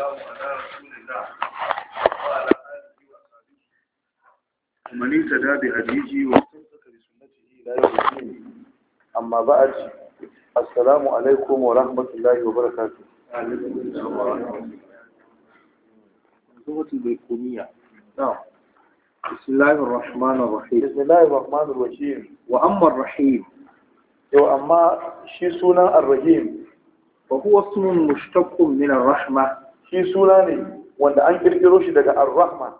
من على رسول الله وعلى آله وصحبه ومن اهتدى بهديه واستمسك بسنته إلى يوم الدين أما بعد السلام عليكم ورحمة الله وبركاته اللغة البيكونية بسم الله الرحمن الرحيم بسم الله الرحمن الرحيم وأما الرحيم وأما شي سنة الرحيم وهو اسم مشتق من الرحمة shi suna ne wanda an kirkiro shi daga ar-rahman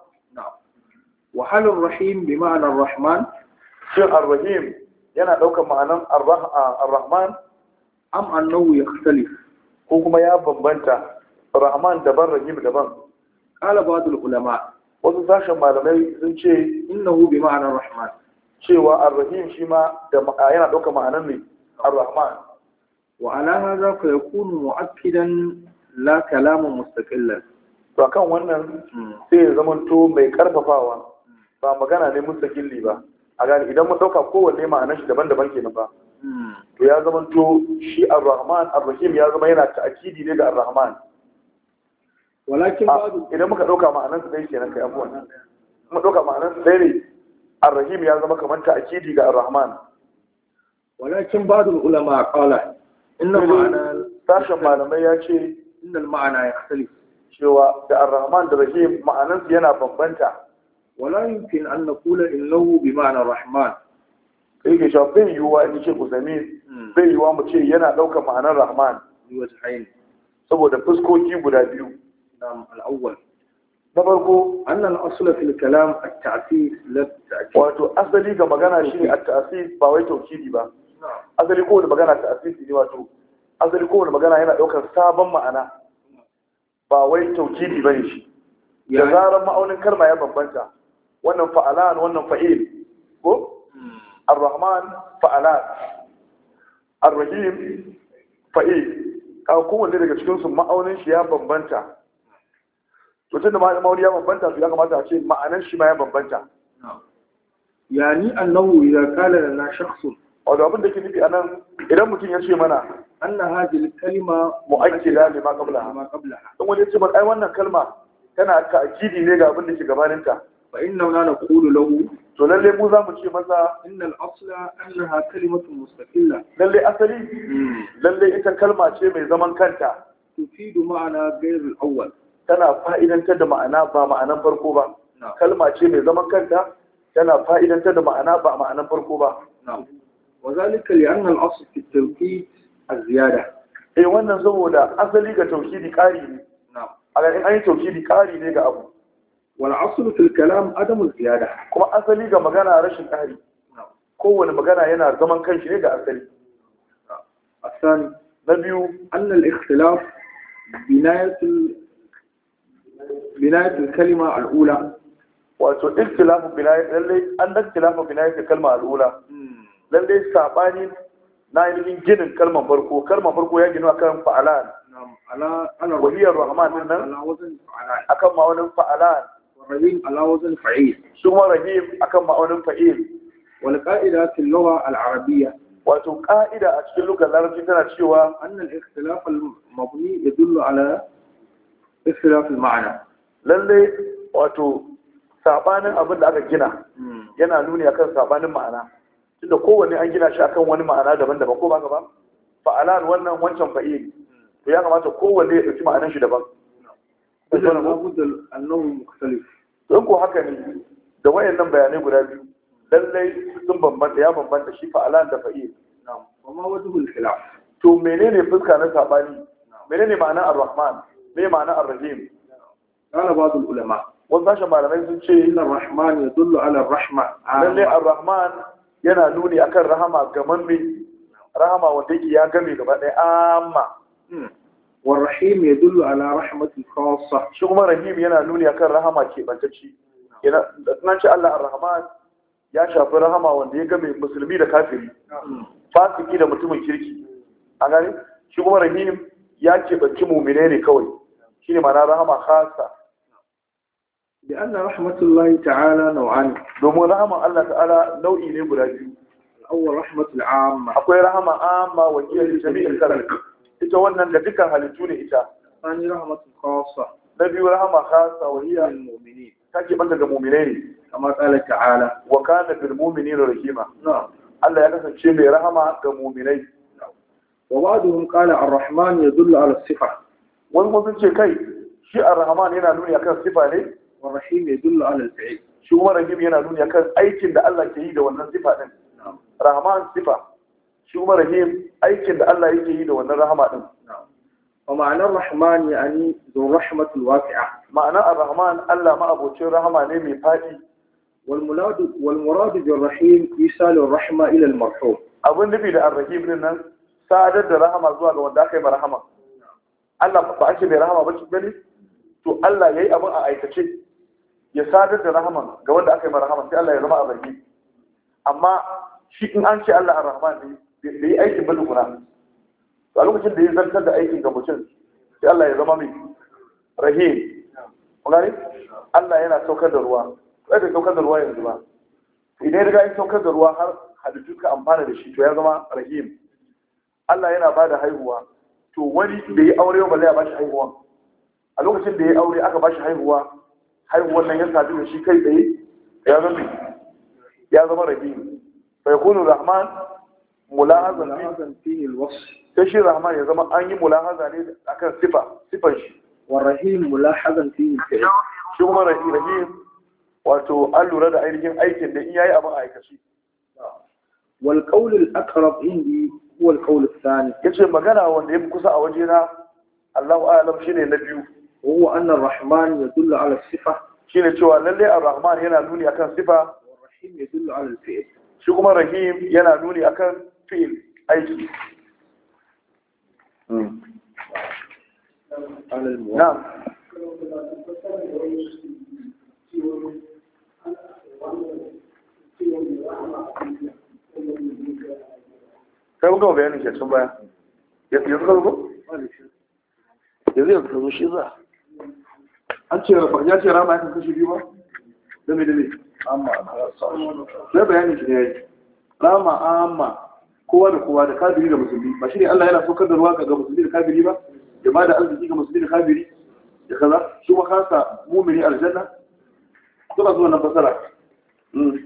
wa halur rahim bi ma'anar rahman shin ar-rahim yana daukar ma'anar ar-rahman am annahu yakhtalif ko kuma ya bambanta rahman daban rahim daban qala ba'dul ulama wasu sashen malamai sun ce innahu bi ma'anar rahman cewa ar-rahim shi ma da yana daukar ma'anar ne ar-rahman wa ala hadha fa yakunu mu'akkidan la kalamun mustaqillan to akan wannan hmm. sai ya to mai karfafawa ba magana ne mustaqilli ba a gani idan mun dauka kowanne ma'anar shi daban-daban kenan ba hmm. to ya to shi ar-rahman ar-rahim ya zama yana ta'kidi ne ga ar-rahman walakin babu idan muka dauka ma'anar sai dai kenan kai abuwan muka dauka ma'anar sai dai ne ar-rahim ya zama kamar ta'kidi ga ar-rahman walakin ba'd ulama qala inna ma'ana sashen malamai ya ce innal ma'ana ya asali cewa da ar-rahman da rahim ma'anansu yana bambanta wala yumkin an naqula innahu bi ma'ana rahman kai ke cewa bai yiwuwa in ce ku kusami hmm. bai yiwuwa mu ce yana ɗaukar ma'anar rahman saboda fuskoki guda biyu al'awwal na farko annan asula fil kalam at-ta'sis la wato asali ga magana shine at-ta'sis ba wai tawkidi ba asali ko magana ta'sis ne wato asali kowane magana yana ɗaukar sabon ma'ana ba wai taukidi ba ne shi da zarar ma'aunin kalma ya bambanta wannan fa'alan wannan fa'il ko hmm. ar-rahman fa'alan ar-rahim fa'il kawo kowanne daga cikinsu ma'aunin shi ya bambanta to tun da ma'aunin ya bambanta su ya kamata a ce ma'anan shi ma ya bambanta yani annahu idza qala lana shakhsun A wato abin da ke nufi a nan idan mutum ya ce mana an na hadhihi kalima mu'akkida lima qablaha ma qablaha dan wani ya ce mana ai wannan kalma tana ta'kidi ne ga abin da ke gabanin ta fa inna la naqulu lahu to lalle mu zamu ce masa innal asla annaha kalimatun mustaqilla lalle asali hmm. lalle ita kalma ce mai zaman kanta tufidu ma'ana ghayr al-awwal tana fa'idantar da ma'ana ba ma'anan farko ba kalma ce mai zaman kanta tana fa'idantar da ma'ana ba ma'anan farko ba na'am وذلك لأن الأصل في التوكيد الزيادة أي وانا زودا أصلي كتوكيد قاري نعم على إن أي توكيد قاري ليك أبو والأصل في الكلام عدم الزيادة كما أصلي كمغانا رشن أهلي نعم كون مغانا ينا زمن كان شيء أصلي نعم الثاني نبيو أن الاختلاف بناية ال... بناية الكلمة الأولى وأتو اختلاف بناية للي أن اختلاف بناية الكلمة الأولى مم. lallai sabani na ainihin ginin kalmar farko kalmar farko ya ginu akan fa'ala. waliyar rahman din nan akan ma'aunin fa'ala. rahim ala wazn fa'il su ma rahim akan ma'aunin fa'il wal qa'ida fil lugha al arabiyya wato qa'ida a cikin lugar larabci tana cewa annal ikhtilaf al mabni yadullu ala ikhtilaf al ma'na lalle wato sabanin abin da aka gina hmm. yana nuni akan sabanin ma'ana tunda kowanne an gina shi akan wani ma'ana daban-daban ko ba ka ba fa'alan wannan wancan fa'i to ya kamata kowanne ya ɗauki ma'anan shi daban don ko haka ne da wayannan bayanai guda biyu lallai sun bambanta ya bambanta shi fa'alan da fa'i amma wata khilaf to menene fuska na sabani menene ma'anar ar-rahman me ma'anar ar-rahim qala ba'd ulama wasu shi malamai sun ce inna ar-rahman yadullu ala ar-rahma lallai ar-rahman yana nuni akan rahama gaman mai rahama wanda yake ya game gaba ɗaya amma والرحيم يدل على رحمة خاصة شو ما رحيم ينا نوني أكن رحمة كي بنتشي ينا نانشاء الله الرحمن يا شاف رحمة وندي كم مسلمي لكافري فاسق كده متوم يشركي أنا شو ما رحيم يا كي بنتشي مؤمنين كوي شيني معناه رحمة خاصة da anna rahmatullahi ta'ala nau'an domin rahama Allah ta'ala nau'i ne guda biyu awwal rahmatul amma akwai rahama amma wa hiya li jami'il khalq ita wannan da dukkan halittu ne ita sani rahmatul khassa na biyu rahama khassa wa hiya lil mu'minin take banda ga mu'minai ne kama qala ta'ala wa kana bil mu'minina rahima Allah ya kasance mai rahama ga mu'minai wa ba'duhum qala ar-rahman yadullu ala sifa wani mun ce kai shi ar-rahman yana nuni akan sifa ne والرحيم يدل على الفعل shi kuma rahim yana nuni akan aikin da Allah ke yi da wannan sifa din rahman sifa shi rahim aikin da Allah yake yi da wannan rahama din wa ma'anar rahman yani zu rahmatul wasi'a ma'anar ar-rahman Allah ma abocin rahama ne mai fadi wal mulad rahim isalu rahma ila al marhum abun nufi da ar-rahim din nan sadar da rahama zuwa ga wanda aka yi rahama Allah ba mai rahama ba ki gani to Allah yayi abun a aikace ya sadar da rahaman ga wanda aka yi rahaman sai Allah ya zama a zargi amma shi in an ce Allah ar-rahman ne da yi aikin bin tukuna a lokacin da ya zartar da aikin ga mutum sai Allah ya zama mai rahim gani Allah yana saukar da ruwa sai da saukar da ruwa yanzu ba idan ya riga saukar da ruwa har halittu ka amfana da shi to ya zama rahim Allah yana ba da haihuwa to wani da ya aure ba zai ba shi haihuwa a lokacin da ya aure aka ba shi haihuwa haihuwar wannan ya sadu da shi kai tsaye ya zama ya zama rabi fa yakunu rahman mulahazan fi alwasf sai shi rahman ya zama an yi mulahaza ne akan sifa sifan shi wa rahim mulahazan fi alfi'l shi kuma rahim wato an lura da ainihin aikin da in yayi abin aikaci wal qawl al aqrab indi huwa al qawl al thani yace magana wanda yafi kusa a wajena Allahu a'lam shine na biyu وهو أن الرحمن يدل على الصفة شيء شو للي الرحمن هنا نوني أكن صفة والرحيم يدل على الفئل شو كما رحيم هنا نوني أكن فئل أي نعم kai kuma bayanin ke sun baya yanzu ka zo yanzu yanzu ka zo shi an ce ya ce rama yakan kashe biyu ba dame dame sai bayanin shi ne ya yi rama amma kowa da kowa da kabiri da musulmi ba shi ne Allah yana saukar da ruwa ga musulmi da kabiri ba ya ba da arziki ga musulmi da kabiri ya kaza shi ma kasa mumini aljanna suna zuwa nan fasara hmm.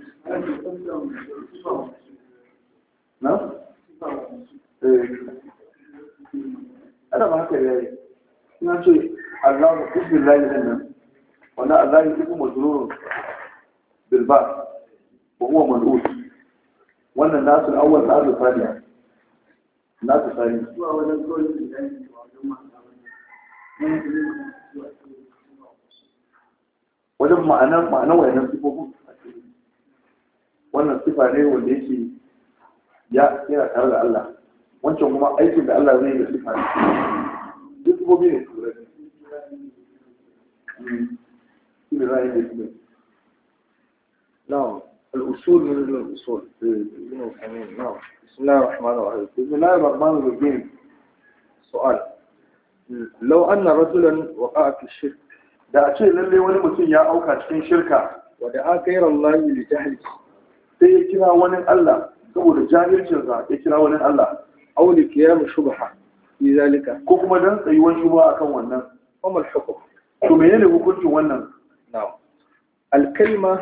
na? Eh. ana ba haka yayi na ce allahu ismin layi ɗin nan wani allahi ibu majnun bilba wa huwa mal'ud wannan nasu awwal nasu saniya nasu sani wajen ma'anar ma'anar wayannan sifofin wannan sifa ne wanda yake ya yana tare da Allah wancan kuma aikin da Allah zai yi da sifa ne sifofi ne su من بسم الله الرحمن الرحيم بسم الله الرحمن الرحيم سؤال لو أن رجلا وقع في الشرك دا a للي وني wani mutum ya auka cikin shirka wadda aka yi li jahil sai ya kira wani Allah saboda jahilcinsa ya kira wani Allah li kiyam shubha fi ko kuma dan tsayuwar shubha akan wannan amal hukum to menene hukuncin wannan na'am al-kalma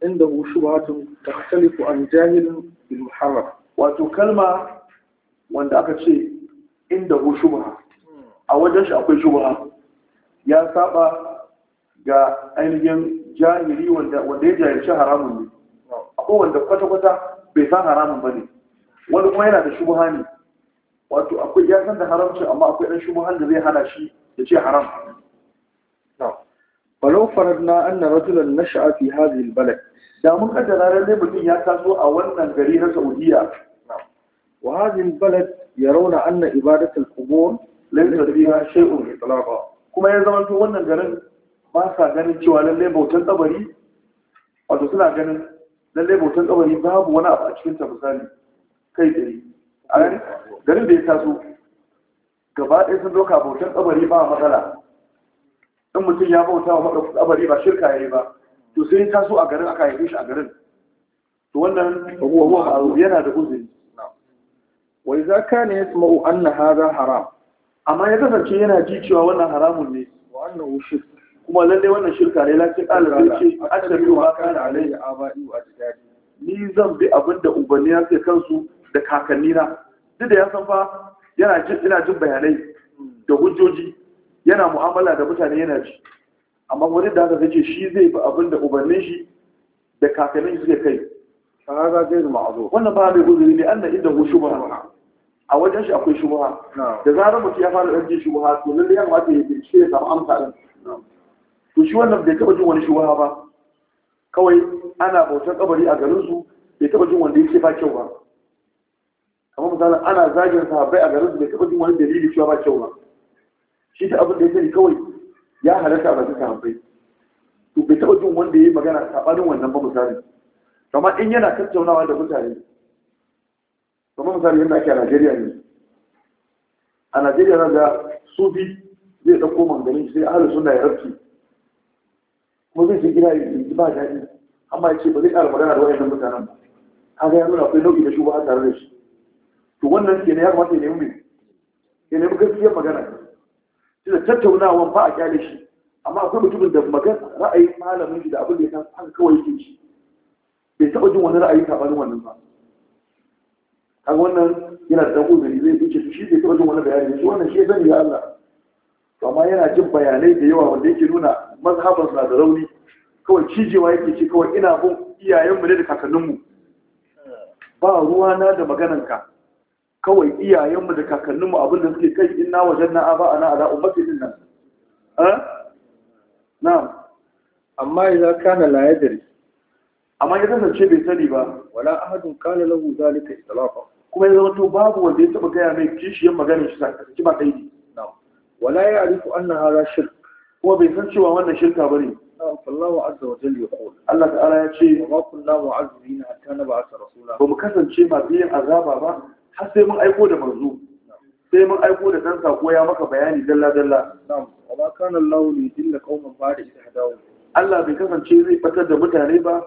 hu shubhatun takhtalifu an jahil bil muharram wato kalma wanda aka ce hu shubha a wajen shi akwai shubha ya saba ga ainihin jahili wanda ya jahilci haramun ne akwai wanda kwata-kwata bai san haramun ba ne wani kuma yana da shubha ne wato akwai ya san da haramci amma akwai ɗan shubuhan da zai hana shi ya ce haram walau faradna anna rajulan nasha'a fi hadhihi albalad da mun kaddara lalle mutum ya taso a wannan gari na Saudiya wa hadhihi albalad yarawna anna ibadat alqubur laysa fiha shay'un itlaqa kuma ya zama to wannan garin ba sa ganin cewa lalle bautan kabari wato suna ganin lalle bautan kabari babu wani abu a cikin ta misali kai tsaye garin da ya taso gaba ɗaya sun doka bautar tsabari ba matsala in mutum ya bauta wa maɗaukar tsabari ba shirka ya yi ba to sai ya taso a garin aka haife shi a garin to wannan abubuwa yana da uzuri wa idza kana yasma'u na haza haram amma ya kasance yana ji cewa wannan haramun ne wa annahu shirk kuma lalle wannan shirka ne lakin Allah sai ce ashabi wa kana a ba'i wa ni zan bi abinda ya ce kansu da kakanni na duk da ya san fa yana jin ina jin bayanai da hujjoji yana mu'amala da mutane yana ji amma wani da haka kace shi zai bi abin da ubannin shi da kakannin shi suke kai kaga zai zama azo wannan ba mai guzuri ne annan inda hu shubha a wajen shi akwai shubha da zarar mutum ya fara ɗan jin shubha to lalle ya kamata ya bincike ya samu amsa din to shi wannan bai taɓa jin wani shubha ba kawai ana bautar kabari a garinsu bai taɓa jin wanda yake ba kyau ba kamar misalin ana zagin sahabbai a garin da kafin jin wani dalili cewa ba kyau ba shi da abin da ya sani kawai ya halatta a bakin sahabbai to bai taɓa jin wanda ya yi magana saɓanin wannan ba misali kama in yana tattaunawa da mutane kamar misali yadda ake a najeriya ne a najeriya na da sufi zai ɗauko manganin sai ahalin suna ya rafi kuma zai ce gida yi ba daɗi amma ya ce ba zai ƙara magana da waɗannan mutanen ba kaga ya nuna akwai nau'i da shugaba tare da shi to wannan ke ne ya kamata ya nemi mai ya nemi gaskiyar magana da tattaunawa ba a kyale shi amma akwai mutumin da magana ra'ayi malamin shi da abin da ya san an kawai yake shi bai taɓa jin wani ra'ayi bani wannan ba kan wannan yana da ɗan uzuri zai ce shi bai taɓa jin wani bayani shi wannan shi ya sani ya Allah to amma yana jin bayanai da yawa wanda yake nuna mazhaban na da rauni kawai cijewa yake ce kawai ina bin iyayenmu ne da kakanninmu ba ruwa na da magananka kawai iyayenmu da kakanninmu abin da suke kai inna wajen na aba na ala ummati din nan Na. amma idza kana na yadri amma ya kasance bai sani ba wala ahadun kala lahu zalika itlaqa kuma ya zama babu wanda ya taba gaya mai kishiyar magana shi kasance ba kai na wala ya arifu anna hada shirk kuma bai san cewa wannan shirka bane wa فالله عز وجل يقول الله wa يقول وما كنا معذبين ba'a rasula Ba mu kasance ba biyan azaba ba. har sai mun aiko da manzo sai mun aiko da dan sako ya maka bayani dalla dalla na'am wa kana Allah li dinda kauman ba da hadawu Allah bai kasance zai batar da mutane ba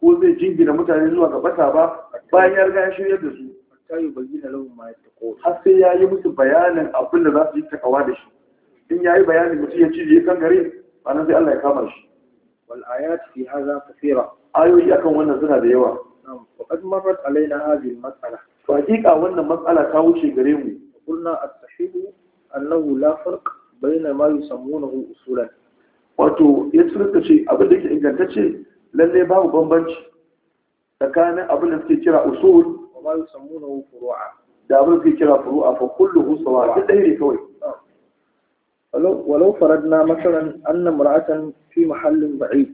ko zai jingina mutane zuwa ga bata ba bayan ya riga ya shiryar da su tayi bayyana lahum ma yattaqu har sai yayi musu bayanin abin da za su yi takawa da shi in yayi bayani mutum ya cije kan gare sannan sai Allah ya kama shi wal ayat fi hadha kathira ayoyi akan wannan suna da yawa na'am wa qad marrat alaina hadhihi al-mas'ala to hakika wannan matsala ta wuce gare mu kulna as-sahihu annahu la farq bayna ma yusammunahu usulan wato ya tsirka ce abin da yake ingantacce lalle babu bambanci tsakanin abin da suke kira usul wa ma yusammunahu furu'a da abin da suke kira furu'a fa kulluhu sawa duk ɗaya ne kawai walau faradna masalan أن امرأة fi mahallin ba'id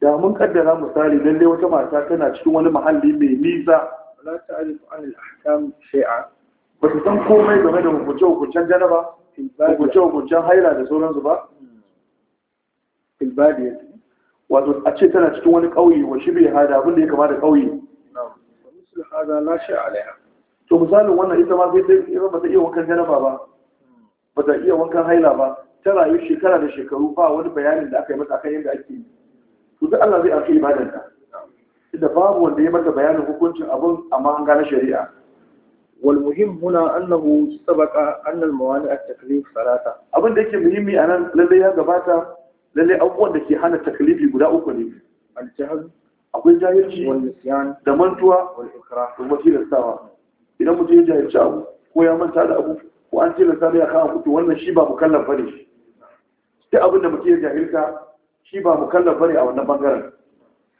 da mun kaddara misali lalle wata mata tana cikin wani mahalli mai nisa la ta'rifu an ba su san komai game da hukunce hukuncen janaba hukunce hukuncen haila da sauransu ba hmm. fil a ce tana cikin wani ƙauye wa shi bai hada abin da ya kama ƙauye to misalin wannan ita ma sai dai ba ta iya wankan janaba ba hmm. ba ta iya wankan haila ba ta rayu shekara da shekaru ba wani bayanin da aka yi mata akan yadda ake yi to Allah zai amshi ibadarta da, babu wanda ya mata bayanin hukuncin abun a mahanga na shari'a والمهم هنا انه سبق a الموانع التكليف abin da yake muhimmi anan lalle ya gabata lalle abubuwan da ke hana takalifi guda uku ne al akwai jahilci da mantuwa da tsawa idan mutum ya jahilci abu ko ya manta da abu ko an na sabai ya wannan shi ba mu bane shi abin da shi ba a wannan bangaren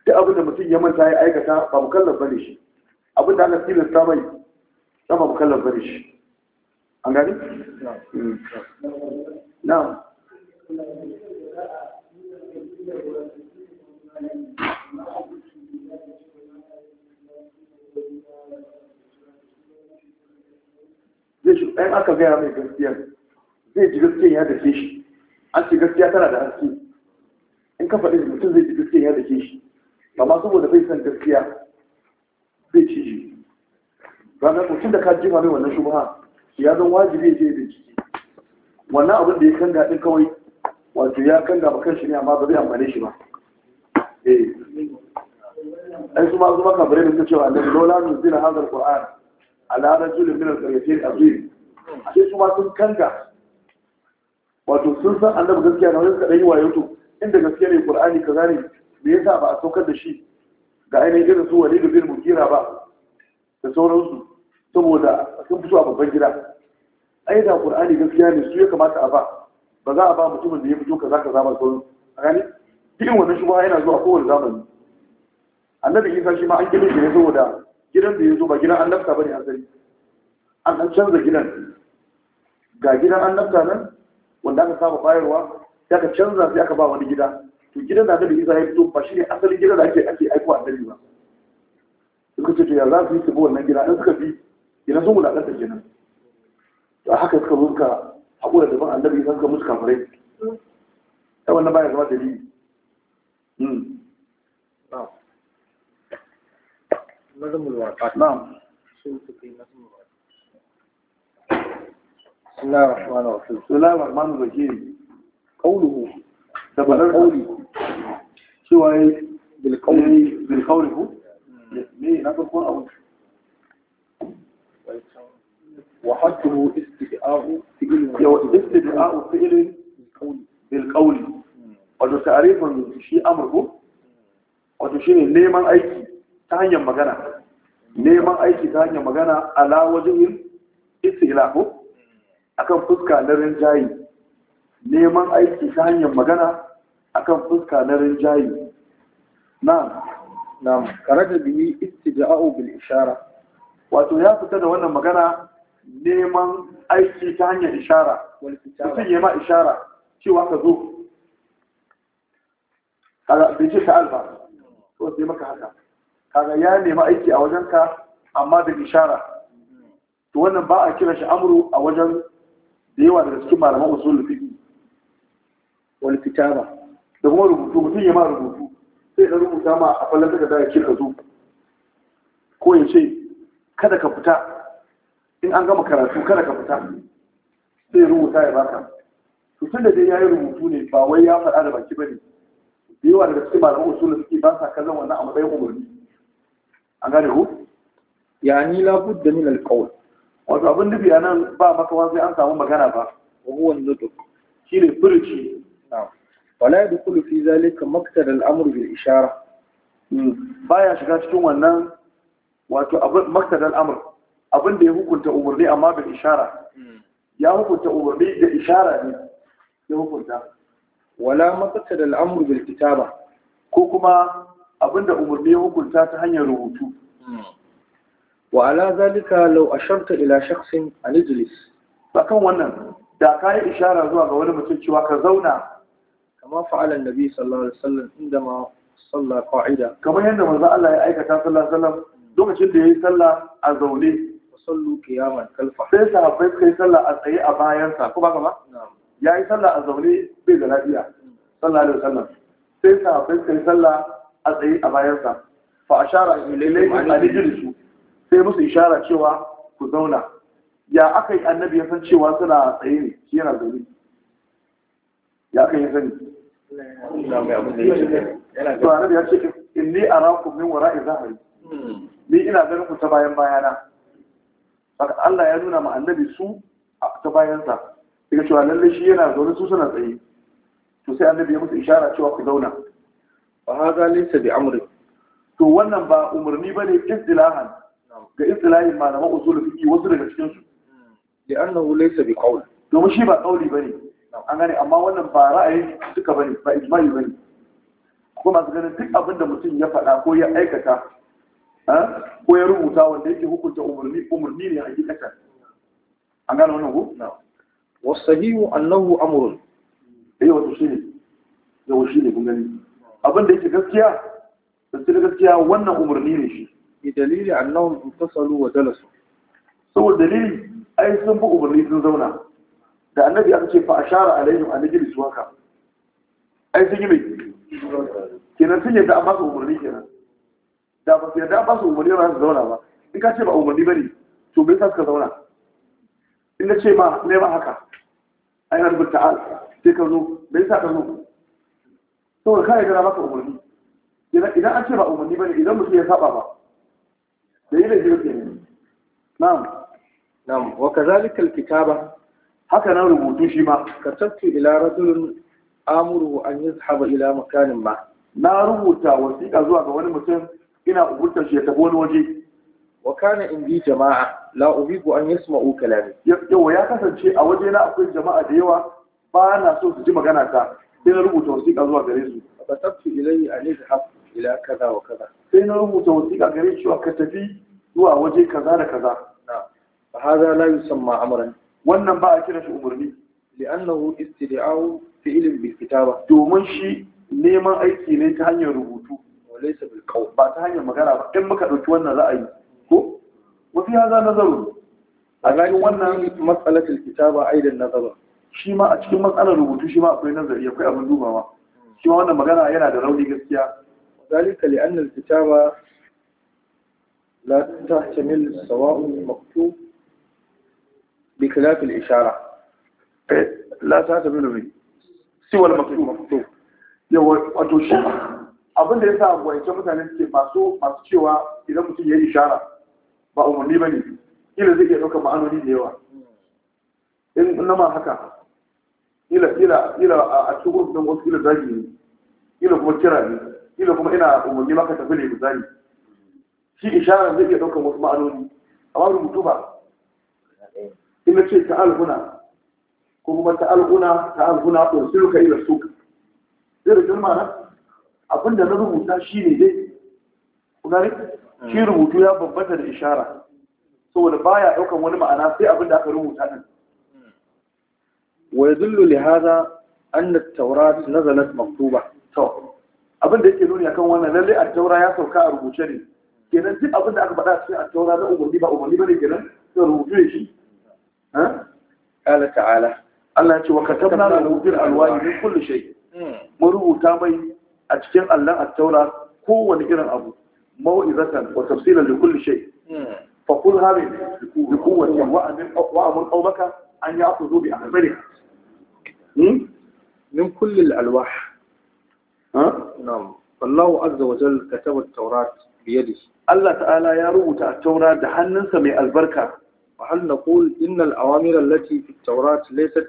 duk abin da mutum ya manta ya aikata ba mukallaf bane shi abin da aka tilasta mai ta ba mukallaf bane shi an gani Na. zai ɗan aka gaya mai gaskiya zai ji gaskiya ya dake shi an ce gaskiya tana da haske in ka faɗi mutum zai ji gaskiya ya dake shi amma saboda bai san gaskiya zai ciji ranar mutum da ka ji mai wannan shubha ya zan wajibi je bincike wannan abin da ya kanga din kawai wato ya kanga ba kanshi ne amma ba zai amfane shi ba eh ai su ma zuma kabare da suka cewa annabi lola nuzila hadha qur'an ala rajul min alqaryatin azim ashe su ma sun kanga wato sun san annabi gaskiya na wani kadai dan wayo to inda gaskiya ne qur'ani kaza ne me yasa ba a saukar da shi ga ainihin gina su walidu bin mukira ba da sauransu saboda sun so a babban gida ai da qur'ani gaskiya ne su ya kamata a ba ba za a ba mutumin da ya fito kaza kaza ba sauran a gani irin wannan ba yana zuwa kowane zamani annabi isa shi ma an gina shi ne saboda gidan da ya zo ba gidan annabta bane asali an an canza gidan ga gidan annabta nan wanda aka saba bayarwa sai aka canza sai aka ba wani gida to gidan da annabi Isa ya fito ba shi ne asalin gidan da ake ake aiko annabi ba suka ce to ya za su yi su wannan gida in suka bi idan sun wulakanta kenan to a haka suka zuka haƙura da ban annabi Isa suka musu kafirai ta wannan baya zama da نعم بسم الله الرحمن الرحيم قوله da faɗar ƙauli cewa ya bilkauli ko ne na farkon abu وحده استدعاء فعل بالقول wato tarifin shi amurko wato shi ne neman aiki ta hanyar magana neman aiki ta hanyar magana ala wajen istila ko akan fuska na rinjaye neman aiki ta hanyar magana akan fuska na rinjaye na na karajar biyi istija'u bil ishara wato ya fita da wannan magana neman aiki ta hanyar ishara mutum ya ma ishara cewa ka zo kaga bai ce ta'al ba to sai maka haka kaga ya nemi aiki a wajenka amma da ishara to wannan ba a kira shi amru a wajen da yawa daga cikin malaman usul fiqh wal kitaba da kuma rubutu mutum ya ma rubutu sai da rubuta ma a fallon daga da ke ka zo ko ya ce kada ka fita in an gama karatu kada ka fita sai rubuta ya baka to tun da dai ya yi rubutu ne ba wai ya faɗa da baki ba ne da yawa daga cikin malaman usul suke ba sa kallon wannan a matsayin umarni an gane ya ni la budda min alqawl wato abin dubi a nan ba makawa sai an samu magana ba wa huwa Shi ne furuci na'am wala ya dukulu fi zalika maktar al'amur bil ishara hmm. baya shiga cikin wannan wato maktar al'amur abin da ya hukunta umarni amma bil ishara hmm. ya hukunta umarni da ishara ne ya hukunta wala maktar al'amur bil kitaba ko kuma abin da umarni ya hukunta ta hanyar rubutu hmm. wa ala zalika law asharta ila shakhsin an ijlis bakan wannan da ka yi ishara zuwa ga wani mutum cewa ka zauna kama fa'alan nabi sallallahu alaihi wasallam inda ma sallar qa'ida kamar yadda manzo Allah ya aikata sallar alaihi wasallam lokacin da ya yi sallar a zaune sallu qiyaman kalfa sai sahabbai bai kai sallar a tsaye a bayansa, sa ko ba ba ya yi sallar a zaune bai da lafiya sallar alaihi sallar. sai sahabbai bai kai sallar a tsaye a bayansa, bayan sa fa ashara ilayhi an su sai musu ishara cewa ku zauna ya aka yi annabi ya san cewa suna tsaye ne shi yana zaune ya aka yi sani to annabi ya ce in inni arakum min wara'i zahari hmm. ni ina ganin ku ta bayan bayana saka Allah ya nuna ma annabi su ta bayansa daga cewa lallai shi yana zaune su suna tsaye to sai annabi ya musu ishara cewa ku zauna fa hadha laysa bi amri to wannan ba umarni ba bane istilahan ga istilahin malaman usul fiqi wasu daga cikinsu? su hmm. li annahu laysa bi qawl domin shi ba ba ne. an gane amma wannan ba ra'ayi duka bane ba ijma'i bane ko masu ganin duk abin da mutum ya faɗa ko ya aikata eh, ko ya rubuta wanda yake hukunta umarni umarni ne hakikatan an gane wannan ko wasahihu annahu amrun eh wato shine da washi ne kun gani abin da yake gaskiya gaskiya gaskiya wannan umarni ne shi Ni dalili annahu intasalu wa dalasu saboda dalili ai sun bi umarni sun zauna da annabi aka ce fa ashara alaihim an yajlisu haka ai sun yi mai kenan sun yadda an ba su umarni kenan da ba su yadda an ba su umarni ba su zauna ba in ka ce ba umarni ba ne to bai sa suka zauna in na ce ma ne ba haka ai na rubuta al sai ka zo bai sa ka zo saboda ka yadda ba ka umarni idan an ce ba umarni ba ne idan mutum ya saba ba da yi da jirgin na'am na'am wa kazalikal kitaba haka nan rubutu shi ma Ka katattu ila rajulun amuru an yadhhaba ila makanin ma na rubuta wasiƙa zuwa ga wani mutum ina ubunta shi ya tabo wani waje wa kana indi jama'a la ubiku an yasma'u kalami Yau ya kasance a waje na akwai jama'a da yawa ba na so su ji magana ta sai na rubuta wasiƙa zuwa gare su Ka katattu ilayhi an yadhhab ila kaza wa kaza sai na rubuta wasiƙa gare shi ka tafi zuwa waje kaza da kaza na fa hada la yusamma amran wannan ba a kira shi umarni li'annahu istida'u fi'lin bil kitaba domin shi neman aiki ne ta hanyar rubutu bil ba ta hanyar magana ba in muka dauki wannan ra'ayi ko wa fi hadha nazaru a gani wannan mas'alatul kitaba aidan nazaru shi ma a cikin matsalar rubutu shi ma akwai nazari akwai abin dubawa shi ma wannan magana yana da rauni gaskiya ذلك لأن الكتابة لا تحتمل سواء مكتوب بخلاف الإشارة لا تعتبر به سوى المكتوب wato shi abin da ya sa wance mutane suke masu masu cewa idan mutum ya yi ishara ba umarni ba ne ila zai iya ɗaukar ma'anoni da yawa in nama haka ila ila ila a cikin don wasu ila zagi ne ila kuma kira ne ila kuma ina umarni maka tafi ne misali shi ishara zai iya ɗaukar wasu ma'anoni amma rubutu ba in na ce ta huna ko kuma ta ta'al ko sai huna yi da su zai rikin mana da na rubuta shi ne dai kuna ne hmm. shi rubutu ya bambanta da ishara saboda baya daukan wani ma'ana sai abin da aka rubuta din hmm. wa yadullu li hadha anna at-taurat nazalat maktuba to da yake nuni akan wannan lalle at-taura ya sauka a rubuce ne kenan duk abin da aka faɗa cikin at-taura na umarni ba umarni bane kenan sai rubutu ne shi qala ta'ala Allah ya ce wa katabna lahu bil alwani min kulli shay hmm. mai a cikin Allah at-taura kowane irin abu mau'izatan wa tafsilan li kulli shay hmm. fa qul hadhihi bi quwwati wa amin wa amin qawmaka an ya'khudhu bi ahsaniha hmm? min kulli al-alwah ha na'am wallahu azza wa jalla kataba at-taurat bi yadihi Allah ta'ala ya rubuta at-taura da hannunsa mai albarka hal na kowai inal awamira lati fi taura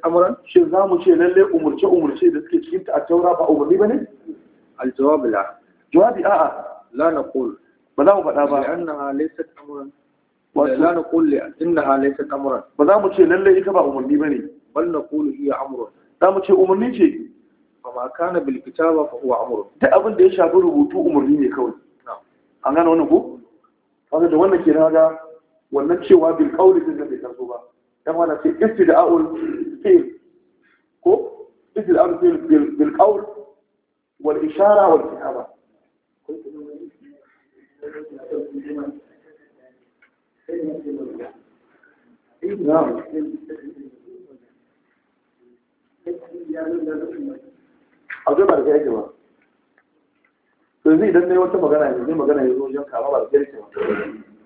amuran shi za mu ce lalle umarce umarce da suke cikin a taura ba umarni ba ne? aljawabila jawabi a lana kowai ba za mu fada ba a yana amuran lana kowai a inda ha amuran ba za mu ce lalle ita ba umarni ba ne bal na kowai amuran za mu ce umarni ce ba ma bilkita ba fa huwa amuran ta abin da ya shafi rubutu umarni ne kawai. an gana wani ku? wanda da wanda ke raga wannan cewa bil qawli din da bai taso ba dan wannan sai istida'ul fi'l ko istida'ul fi'l bil qawl wal ishara wal kitaba نعم a zai ba da yake ba to yanzu idan ne yi wata magana yanzu magana yanzu wajen kama ba da yake ba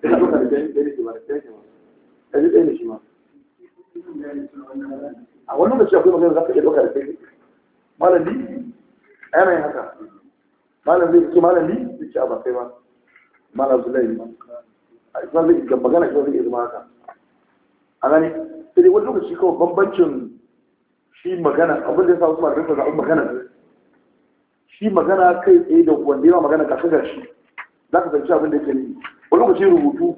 ina so ka da jami'in ɗaya ke ba a wani magana za iya ɗauka da ɗaya malami ana yin haka malami zai ce malami zai ce a ba kai ba malam zulai ma a isma zai ga magana shi zai iya zama haka a gani sai dai wani lokaci kawai bambancin shi magana abin da ya sa wasu malamai ka zaɓi magana shi magana kai tsaye da wanda yawa magana kafin shi, za ka zanci abin da yake nufi wani lokaci rubutu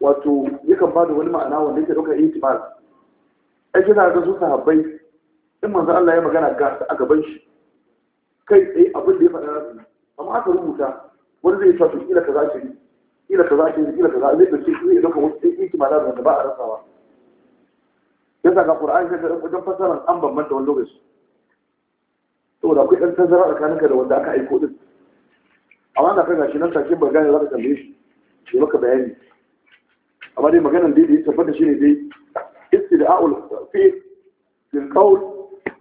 wato yakan ba da wani ma'ana wanda yake yin ihtimal ai kina ga su sahabbai in manzan Allah ya magana ga a gaban shi kai tsaye abin da ya faɗa rasu amma aka rubuta wani zai cewa kila ka kaza ce kila kaza ce kila kaza zai dace shi zai ɗauka wasu ihtimalan da ba a rasawa yasa ga ƙura'an sai ka wajen fasarar an bambanta wani lokaci saboda akwai ɗan tazara tsakaninka da wanda aka aiko din amma da kai gashi nan take ba gane za ka tambaye shi ya maka bayani amma dai maganan dai da ya tabbata shi ne dai istida'ul fi'l lil qawl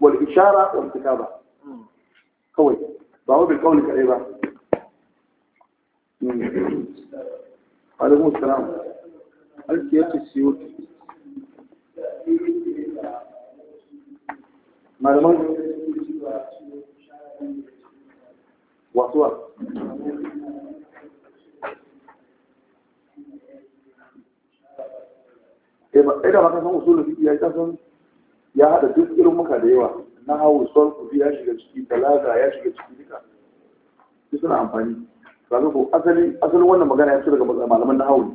wal ishara wal kitaba kawai ba wa bil qawl kadai ba alaikum assalam alkiyatu siyut malaman wasuwa ai da maka san usulul fiqh ya ta san ya hada duk irin muka da yawa na hawo sol ku ya shiga ciki talaga ya shiga ciki duka duk suna amfani kaga ko asali asalin wannan magana ya fito daga malaman na hawo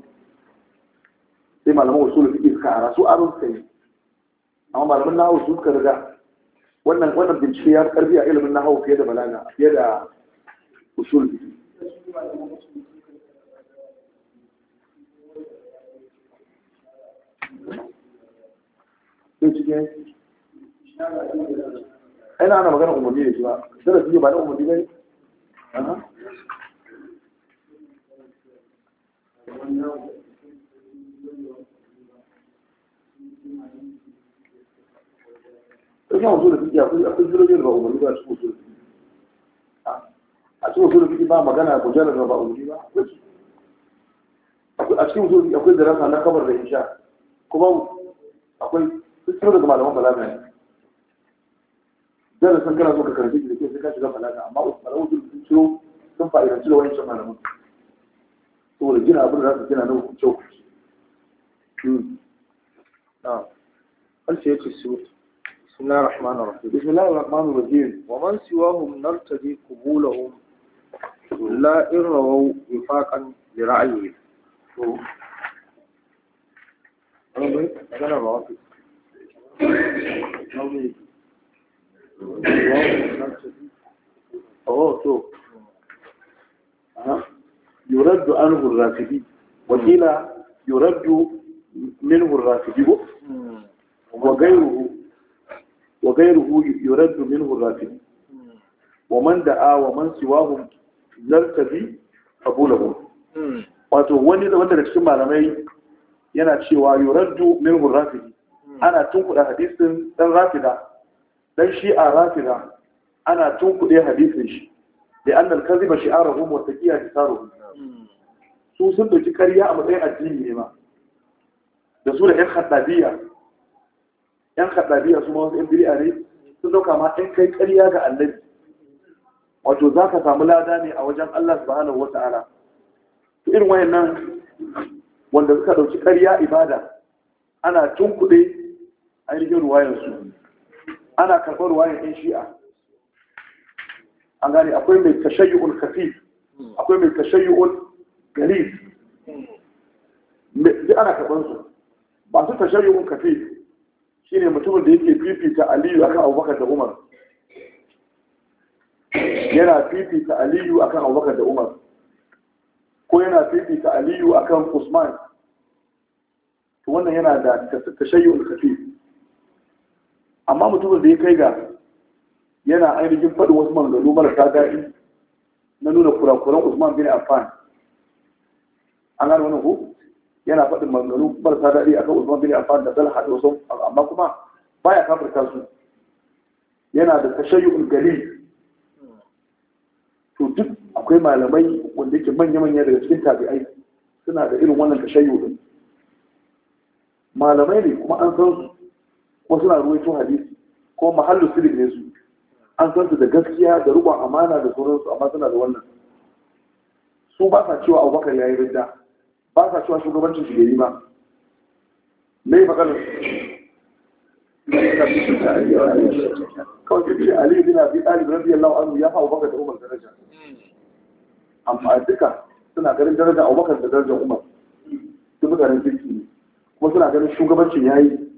sai malaman usulul fiqh suka ara su aro sai amma malaman na hawo su suka riga wannan wannan bincike ya karbi a ilimin na hawo fiye da balaga fiye da usulul fiqh sai cikin na ana magana umarni ne shi ba darasi ne ba na umarni ne Ɗaukin wasu da fiki akwai akwai jirage da ba umarni ba su wasu da fiki. A cikin wasu da fiki ba magana ko jarar da ba umarni ba. A cikin wasu da fiki akwai darasa na kabar da insha. Ko babu akwai duk sun daga malaman balaga ne darasin kana so ka karbi da ke sai ka shiga balaga amma malaman sun ciro sun fa'idanci da wani malaman saboda gina abin da za su gina na hukunce hukunce قلت يأتي السورة بسم الله الرحمن الرحيم بسم الله الرحمن الرحيم ومن سواهم نرتدي قبولهم لا إن رووا وفاقا لرأيهم أنا بقى أنا بقى يرد عنه الرافدي وقيل يرد منه الرافدي وغيره وغيره يرد منه الرافدي ومن دعا ومن سواه يرتدي قبوله wato wani da wanda da cikin malamai yana cewa yuraddu min hurrafihi ana tunkuɗa hadisin ɗan rafida ɗan shi'a rafida ana tunkuɗe hadisin shi da annal kaziba shi'arahu wa taqiya tisaruhu su sun ɗauki ƙarya a matsayin addini ne ma da su da ƴan haddadiya ƴan haddadiya su ma wasu ƴan bid'a ne sun ɗauka ma ɗan kai ƙarya ga annabi wato za ka samu lada ne a wajen Allah subhanahu wa ta'ala to irin wayannan wanda suka ɗauki ƙarya ibada ana tunkuɗe ainihin ruwayarsu ana karɓar ruwayar ɗin shi'a an gane akwai mai tashayyu'ul kafi akwai mai tashayyu'ul galif da ana karɓar su tashayyu'ul kafi shine mutumin da yake fifita aliyu akan abubakar da umar yana fifita aliyu akan abubakar da umar ko yana fifita aliyu akan usman to wannan yana da tashayyu'ul kafi amma mutumin da ya kai ga yana ainihin faɗin wasu mangalu marasa daɗi na nuna kurakuran usman bin affan an gano wani ku yana faɗin mangalu marasa daɗi kan usman bin affan da talha da wasu amma kuma baya kafar su yana da tashayyu'ul ungari to duk akwai malamai wanda yake manya-manya daga cikin tabi'ai suna da irin wannan tashayyu din malamai ne kuma an san su wasu na ruwaito hadisi ko mahallu sirik ne su an san su da gaskiya da rubon amana da sauransu amma suna da wannan su ba sa cewa abubakar ya yi ridda ba sa cewa shugabancin shi yi ba me yi maganar kawai kifin ali bin abi talib radiyallahu anhu ya fa abubakar da umar daraja amma duka suna ganin daraja abubakar da darajar umar duk mutanen kirki ne kuma suna ganin shugabancin ya yi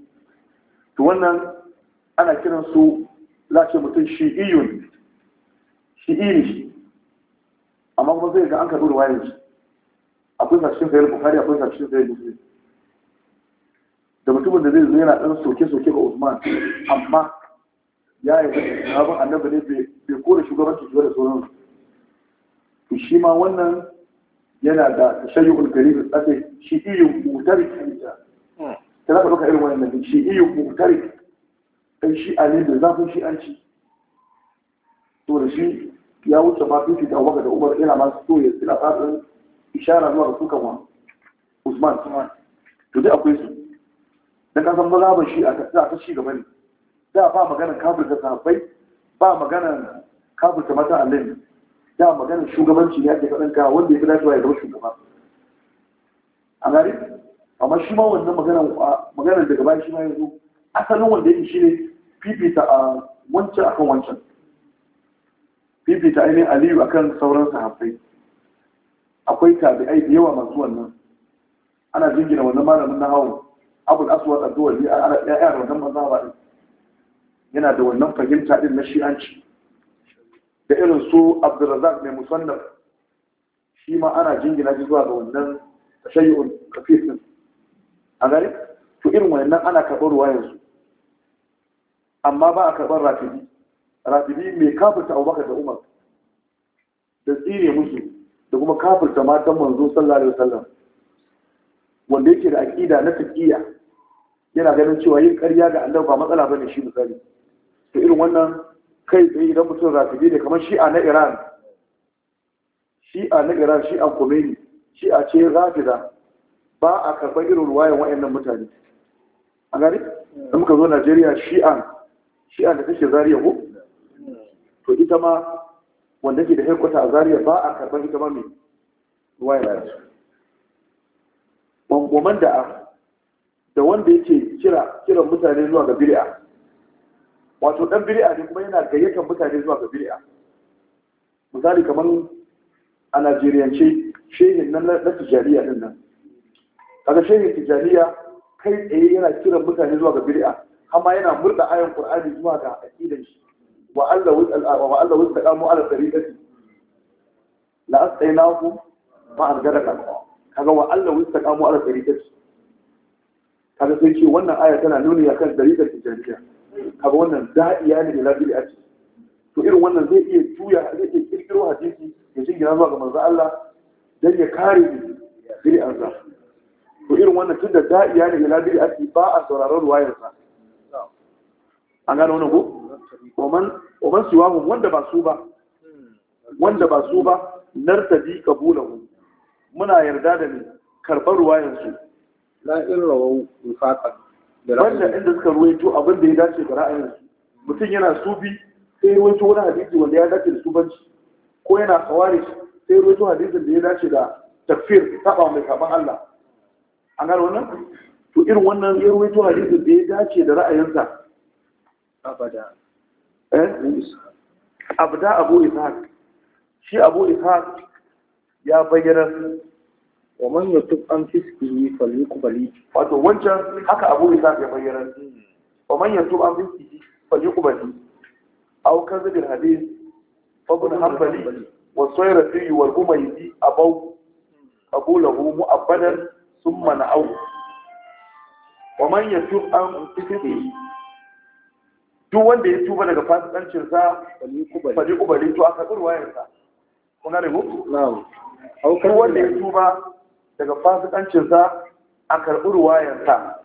to wannan ana kiran su za a ce mutum shi'iyun shi'i ne shi amma kuma zai ga an karɓi ruwayar shi akwai sashen sayar bukari akwai sashen sayar bukari da mutumin da zai zo yana ɗan soke-soke ga usman amma ya yi zai sahabin annabi ne bai kore shugaban zuwa da sauran to shi ma wannan yana da tashayyukul gari da tsaye shi iya mutar kinta sai za ka irin wannan ne shi iyo iya mutare ɗan shi a ne da zafin shi an ci to da shi ya wuce ma fifi da waka da umar yana masu so ya sila fadin ishara zuwa ga sukan wa usman to dai akwai su da kasan mazaban shi a ta shi gaba ne da ba maganar kafirta sahabbai ba maganar kafirta mata annabi da maganar shugabanci ne ake faɗin ka wanda ya fi dacewa ya zama shugaba a gari amma shi ma wannan maganar daga bashi shi ma yanzu asalin wanda yake shi ne fifita a wancan akan wancan fifita ainihin aliyu akan sauran sahafai akwai tabi'ai da yawa masu wannan ana jingina wannan malamin na hawa. abul aswad zuwa dawli ana ya'ya wannan maza ba yana da wannan fahimta din na shi'anci da irin su Abdulrazak mai musannaf shi ma ana jingina shi zuwa ga wannan shayi'un kafifin a gari to irin nan ana karɓar yanzu amma ba a karɓar rafibi rafibi mai kafirta abubakar da umar da tsire musu da kuma kafirta matan manzo sallallahu alaihi wasallam wanda yake da aƙida na tafiya yana ganin cewa yin ƙarya ga allon ba matsala bane shi misali to irin wannan kai tsaye idan mutum rafibi ne kamar shi'a na Iran shi'a na Iran shi'a Khomeini shi'a ce rafida ba a karɓar irin ruwayan wa'annan mutane a gani da muka zo najeriya shi'an shi'an da take zariya ko to ita ma wanda ke da haikwata a zariya ba a karɓar ita ma mai ruwayan su gwangwaman da'a da wanda yake kira kiran mutane zuwa ga biri'a wato ɗan biri'a ne kuma yana gayyatar mutane zuwa ga biri'a misali kamar a najeriyance shehin nan na tijariya din nan kaga shehin tijaniya kai tsaye yana kiran mutane zuwa ga bid'a amma yana murda ayan qur'ani zuwa ga aqidan shi wa Allah wa wa Allah wa taqamu ala tariqati la astainahu ma an gadaka kaga wa Allah wa taqamu ala tariqati kaga sai ce wannan aya tana nuni akan tariqar tijaniya kaga wannan da'iya ne ila ce? to irin wannan zai iya juya zai iya kirkiro hadisi ya jingina zuwa ga manzo Allah dan ya kare bid'an sa to irin wannan tun da da'iya ne ila biri ake ba a sauraron ruwayarsa an gano wani ko oman siwahun wanda ba su ba wanda ba su ba kabula kabulahu muna yarda da ne karɓar ruwayarsu la in rawau wifaqa wanda inda suka ruwaito abin da ya dace da ra'ayinsu mutum yana sufi sai ya ruwaito wani hadisi wanda ya dace da su banci, ko yana kawari sai ya ruwaito hadisin da ya dace da tafsir saba mai saban Allah an gano wannan to irin wannan ya ruwaito hadisin da ya dace da ra'ayinsa abada eh abda abu ishaq shi abu ishaq ya bayyana wa man yutub an fiskihi falyuqbali wato wancan haka abu ishaq ya bayyana wa man yutub an fiskihi falyuqbali aw kadhib alhadith fa ibn hanbali wa sayrati wal umaydi abu abu lahu mu'abbadan sun mana au wa man ya fi an fitiri duk wanda ya tuba daga fasikancinsa fali kubali to a karɓi ruwayarsa kuna da gudu? duk wanda ya tuba daga fasikancinsa a karɓi ruwayarsa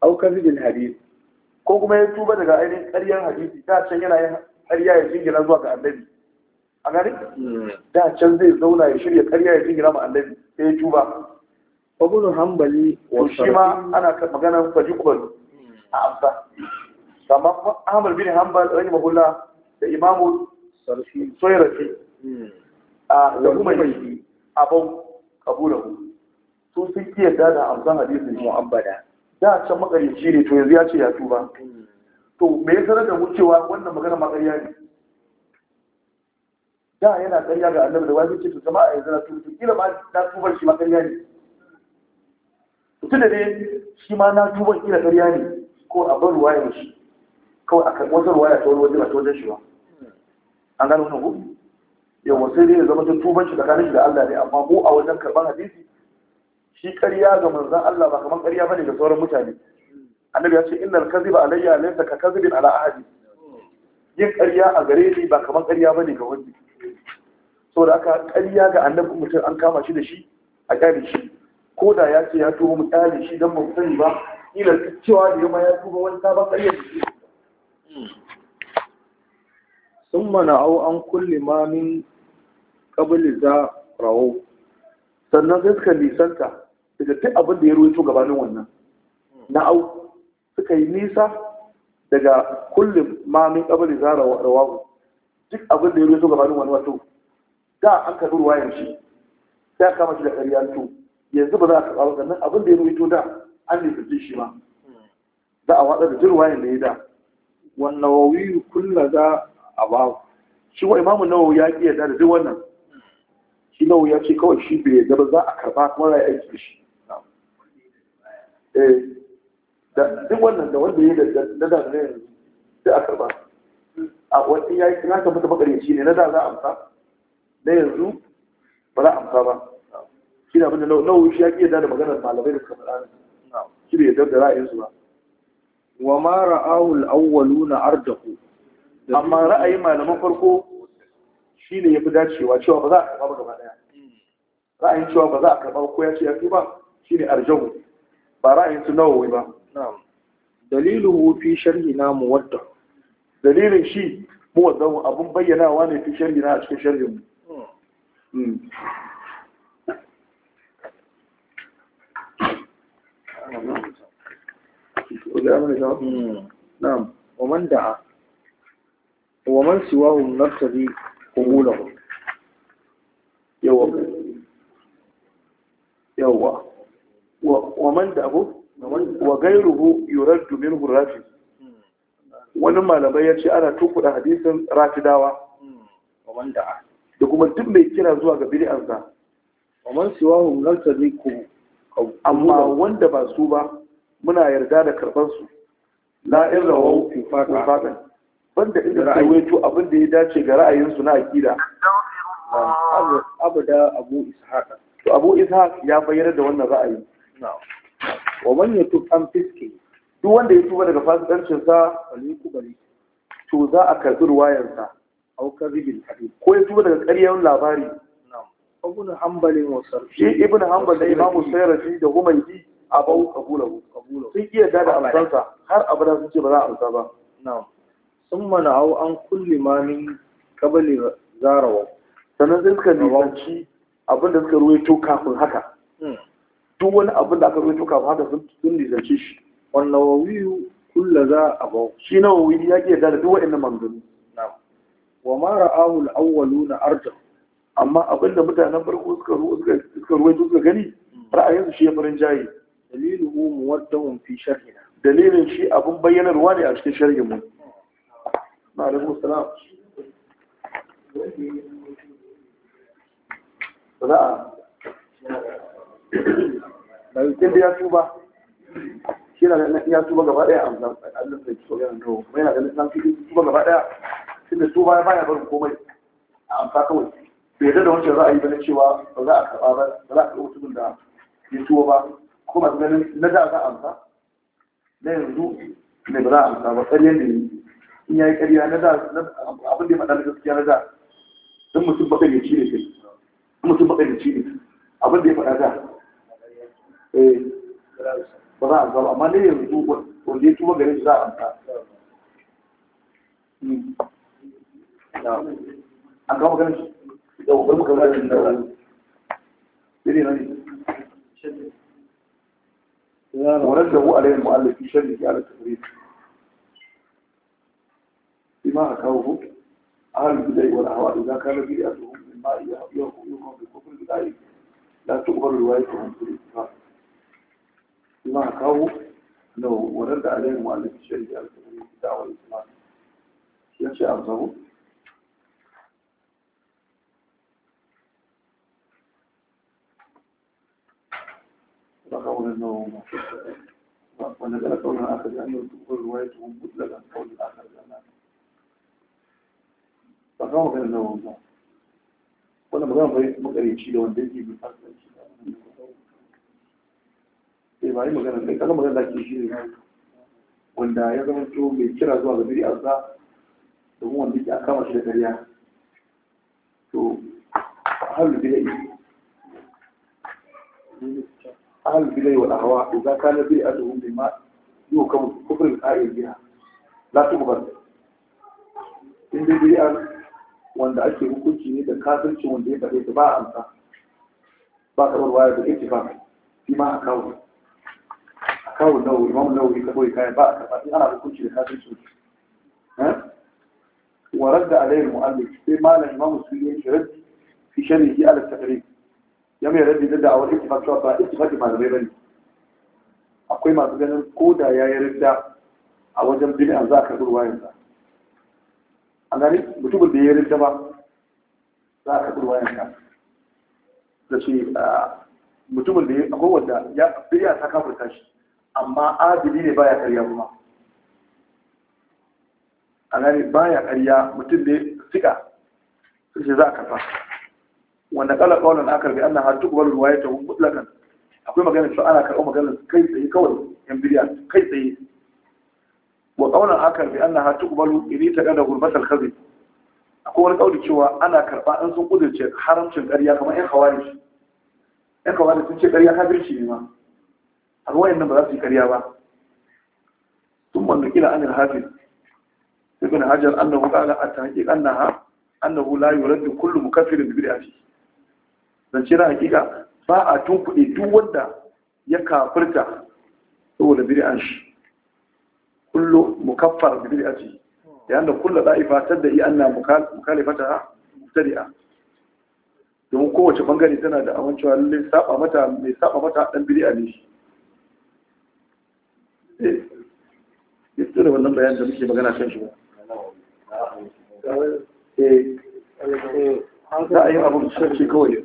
aukar ribin hadisi ko kuma ya tuba daga ainihin ƙaryar hadisi da can yana yin ƙarya ya jingina zuwa ga annabi a gani hmm. da can zai zauna ya shirya ƙarya ya jingina ma annabi sai ya tuba ibn hanbali wa shi ma ana maganar fajikul a amsa Kamar kuma ahmad bin hanbal rahimahullah da imamu soyrafi hmm. a da kuma yi abun kabulahu su sun ki yadda da amsan hadisin mu'abbada da can makarici ne to yanzu ya ce ya tuba hmm. to me ya sanar da wucewa wannan magana makarya ne da yana karya ga annabi da wajibi ce kama a yanzu na tuba kila ma na tuba shi makarya ne tun da dai shi ma na tuba ila ƙarya ne ko a bar ruwa ya shi kawai a kan wata ruwa ya ta wajen a ba shi ba an gano wani hudu yawa sai dai ya zama ta tuban shi tsakanin shi da Allah ne amma ko a wajen karɓar hadisi shi ƙarya ga manzan Allah ba kamar ƙarya bane ga sauran mutane annabi ya ce innal ba alayya laysa ka kadhibin ala ahadi yin ƙarya a gare ni ba kamar ƙarya bane ga wani saboda aka ƙarya ga annabi mutum an kama shi da shi a ƙyale shi ko da ya ce ya tuba mu shi don mu sani ba ila cewa da yamma ya tuba wani sabon ƙaryar da ke sun mana au an kulle ma min ƙabili za rawo sannan sai suka nisanta daga duk abin da ya ruwaito gabanin wannan na au suka yi nisa daga kulle ma min ƙabili za rawo duk abin da ya ruwaito gabanin wannan wato da an karɓi ruwayar shi sai a kama shi da ƙaryar to yanzu ba za a karɓa ba abin da ya rubuto da an nisanci shi ma za a watsa da jirwayen da ya da wannan wawi kulla za a ba shi wa imamu nawawi ya ƙi yadda da duk wannan shi nawawi ya ce kawai shi bai yarda ba za a karɓa kuma za a aiki da shi eh, duk wannan da wanda ya da da da ne sai a karɓa a wani ya yi kira ka mata makaryaci ne na da za a amsa na yanzu ba za a amsa ba shi abin da shi ya ƙi da maganar malamai da suka faɗa shi ya yadda da ra'ayinsu ba wa ma ra'ahu al-awwalu na ardahu amma ra'ayin malaman farko shi ne ya fi dacewa cewa ba za a karɓa ba gaba ɗaya hmm. ra'ayin cewa ba za a karɓa ko ya ce ya fi ba shi ne arjahu ba ra'ayin su nawawi ba dalilu fi sharhi na muwadda dalilin shi muwadda abun bayyanawa ne fi sharhi na a cikin sharhi mu hmm. Hmm. na'am wa man da'a wa man siwahum nartabi qubulahum yawa yawa wa man da'ahu wa gairuhu wani malamai ya ce ana tukuda hadisin ratidawa? da kuma duk mai kira zuwa ga bid'ansa wa man amma wanda ba su ba muna yarda da karban su la in rawau infaqan banda inda rawaito abin da ya dace ga ra'ayin su na akida da abu ishaq to abu ishaq ya bayyana da wannan ra'ayi wa man yatub an fiski duk wanda ya tuba daga fasikancin sa bali to za a karbi ruwayar sa au kadhibil hadith ko ya tuba daga ƙaryar labari ibn hanbal wa sarfi shi ibn hanbal da imam sayrafi da humaydi abau qabulahu sun iya da da amsansa har abada sun ce ba za a amsa ba na'am sun mana'au an kulli ma min qabli zarawa sannan sai suka nisanci abin da suka ruwaito kafin haka hmm. duk wani abin da aka ruwaito kafin haka sun nisanci shi wannan wawiyu kulla za a bau shi nawawi ya ke da duk wa'annan manzanni wa ma ra'ahu al-awwaluna arjah amma abin da mutanen farko suka suka ruwaito suka gani ra'ayinsu shi ya farin jaye daliluhu muwaddahum fi sharhina dalilin shi abin bayyanarwa ne a cikin sharhin mu na alaikum salam ra'a da yakin da ya tuba shi na ganin ya tuba gaba daya a Allah da ke so yana dawo kuma yana ganin san tuba gaba daya shi da tuba ya baya barin komai a amsa kawai bai da wancan ra'ayi ba na cewa ba za a karɓa ba ba za a karɓa mutumin da ya tuwo ba ko masu ganin na da za a amsa na yanzu ne ba za a amsa ba da ne in ya yi ƙarya na da abin da ya faɗa na gaskiya na da don mutum baƙa ya cire ne shi mutum baƙa ya cire ne abin da ya faɗa da eh, ba za a amsa ba amma na yanzu wanda ya tuwo garin za a amsa hmm. an kawo ganin yau bari muka zara da dare na ne ورده عليه المؤلف في شرحه على التقريب بما حكوه أهل البدع والأهواء إذا كان بدعتهم مما يقوم بكفر البدع لا تقبل روايتهم في الاتفاق بما حكوه أنه ورد عليه المؤلف في شرحه على التقريب بدعوى الإسلام ينشأ أرضه فقول أنه ونزل قول الآخر لأنه تقول روايته مطلقا قول الآخر فقول أنه wanda ba zan bai makareci da wanda yake bisa sai ba yi magana sai shi ne wanda ya zama to mai kira zuwa ga biri arza domin wanda yake kama shi da ƙarya to halu bidai أهل البدع والأهواء إذا كان بدعتهم بما يوكم كفر الآية بها In تقبل إن an, wanda ake hukunci ne da kafirci wanda ya faɗe ba a amsa ba kamar waya da ake ba shi ma a kawo a kawo nawo imam nawo ya kawai kayan ba a in ana hukunci da kafirci warar da alayyar mu'allim sai malam imam musulmi ya shirar fi sharhi ya mai rabi da awar ittifaq cewa ba ittifaqi malamai bane akwai masu ganin ko da ya yi rida a wajen an za a karɓi ruwa sa a gani mutumin da ya yi rida ba za a karɓi ruwa sa da ce mutumin da ya akwai wanda ya bid'a ta kafirta shi amma adili ne baya karya kuma a gani baya karya mutum da ya tsika sai za a karɓa wanda kala kaulan akar bi annaha tuqbalu riwayatuhum mutlaqan akwai magana cewa ana karɓar maganar kai tsaye kawai yan bidiya kai tsaye wa kaulan akar bi annaha tuqbalu ta taqada gurbatal kadhib akwai wani kauli cewa ana karɓa an sun kudurce haramcin ƙarya kamar yan khawarij yan khawarij sun ce ƙarya kafirci ne ma a wayannan ba za su yi ƙarya ba sun wanda kila anil hafi. ibn hajar annahu qala at-tahqiq annaha annahu la yuraddu kullu mukaffirin bi bid'atihi zance na hakika ba a tunkuɗe duk wanda ya kafirta saboda bid'an shi kullum mukaffar bi yi yanda kullu mu tadda anna tsari a. domin kowace bangare tana da wa lullu saba mata mai saba mata dan a ne shi eh yato da wannan bayanin da muke magana kan shi ba eh, eh za a yi abin shirki kawai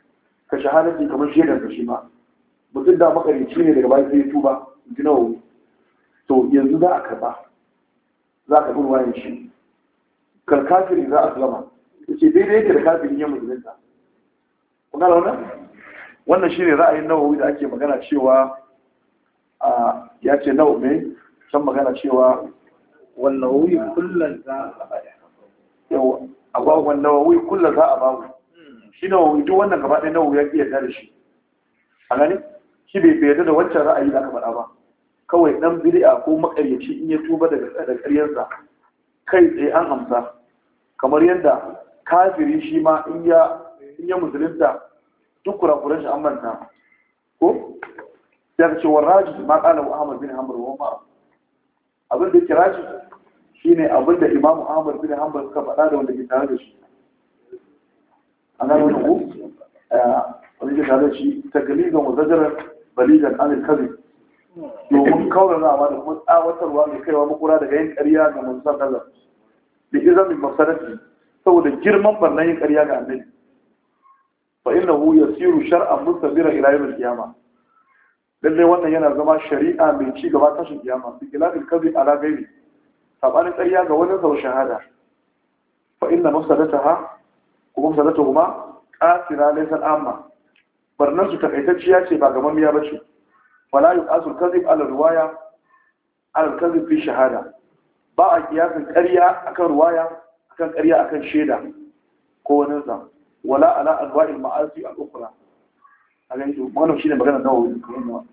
ka shahararci kamar shaidar da shi ba. mutum da makarici ne daga bayan sai tuba gina wuri to yanzu za a karba za a karbi wayan shi karkafiri za a zama ya ce daidai yake da kafirin yin musulunta kuna da wannan wannan shi ne ra'ayin nawawi da ake magana cewa ya ce nawa mai can magana cewa wannan wuri kullum za a bada yau a gwagwan wannan wuri kullum za a bawa shi na duk wannan gaba ɗaya nawa ya iya da shi a gani shi bai bayyana da wancan ra'ayi da aka faɗa ba kawai ɗan bid'a ko makaryaci in ya tuba daga daga ƙaryarsa kai tsaye an amsa kamar yadda kafiri shi ma in ya in ya musulunta duk kurakuran shi an manta ko daga cewa rajin ma qala muhammad bin Hanbal wa ma abin da ke shi ne abin da Imam Ahmad bin Hamad suka faɗa da wanda ke tare da shi ana yi ku eh, wani ke tare shi ta galigan wazajarar baligan anil kazi domin kaurarawa da kuma tsawatarwa mai kaiwa makura daga yin ƙarya ga manzan Allah da izamin masarati saboda girman barnan yin ƙarya ga annabi fa innahu yasiru shar'an mustabira ila yawm al-qiyamah lalle wannan yana zama shari'a mai ci gaba tashin kiyama bi khilafil kadhib ala ghairi ga shahada kuma sanata kuma ƙasira laisar amma barnar su takaitacciya ce ba gaban miya bace wala yuqasul kadhib ala riwaya ala kadhib fi shahada ba a kiyasin ƙarya akan ruwaya, akan ƙarya akan shaida ko wani sa wala ala anwa'il ma'asi al-ukhra a ganin shi wannan shine magana nawa wani kuma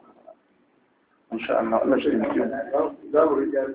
insha Allah Allah shi ne mu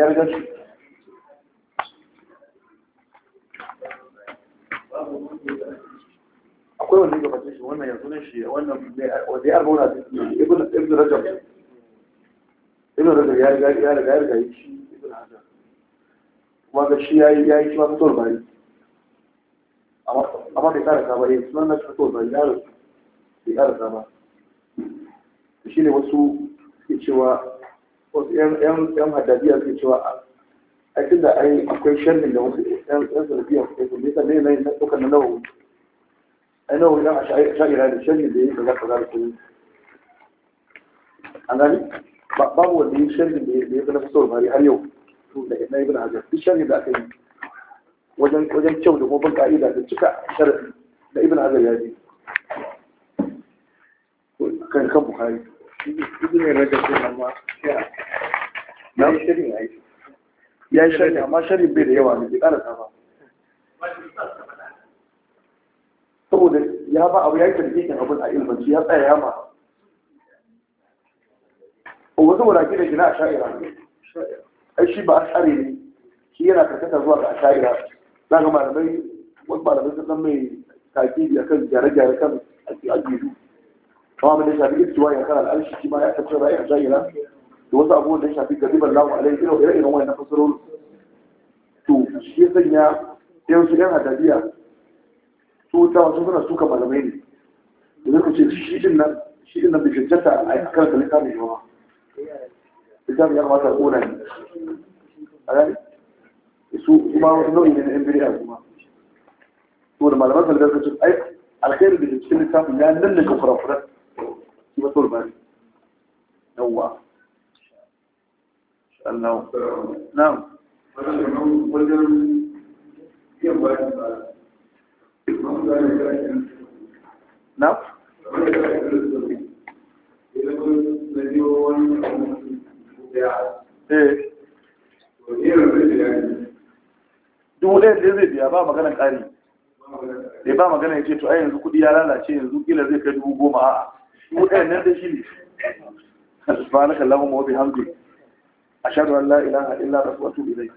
yarda su akwai wanda ya gabace shi wannan yanzu ne shi wannan wanda ya arba wani ibn ibn rajab ibn rajab ya riga ya riga ya riga shi ibn hajar kuma ga shi yayi yi shi ma fitowar bari amma bai karasa ba eh sunan na fitowar bari ya rasu bai karasa ba shi ne wasu ke cewa wasu yan haddadiya suke cewa a cikin da ai akwai sharrin da wasu yan sanadiyar suke kuma yasa ne na ɗaukar na nawa ai nawa yan a sha'ira da sharrin da ya yi kaza kaza da kuma an gani babu wanda ya sharrin da ya fi na fasowar bari har yau da na ibn hajar duk sharrin da aka yi wajen wajen kyau da kuma ban ka'ida da cika sharafi, da ibn hajar ya yi kan kan bukari ibn rajab din amma na shirin ai ya shirin amma shirin bai da yawa ne bai karasa ba saboda ya ba abu ya yi tarbiyyar abin a ilmanci ya tsaya ya ma wasu wurake da gina a sha'ira ai shi ba a tsare ne shi yana karkata zuwa ga a sha'ira za ga malamai wasu malamai sun san mai takiri akan gyare-gyare kan ajiyu كما من ليش هبيت سواء كان الألف شتي ما يحتاج شو رايح جاي لا دوس أبوه ليش هبيت قديم الله عليه كله إيه إنه ما ينفسره تو شيء ثانية تيجي سكان هذا ديا تو تاو شو كنا سو كمان مين يقولك شيء شيء إننا شيء إننا بيجتتا أي أكل كل كام يجوا بيجام يعني ما تقولن أدري يسوع ما هو إنه إن إمبريا ما تو المعلومات اللي بيجتتا أي الخير اللي بيجتتا من يعني نلنا كفر أفراد shi yawwa Allah na na da zai biya ba magana ƙari da ba magana ya ce to a yanzu kuɗi ya lalace yanzu kila zai kai dubu goma a'a nan da shi ne subhanaka allahumma wa bihamdika ashhadu an la ilaha illa anta astaghfiruka wa atubu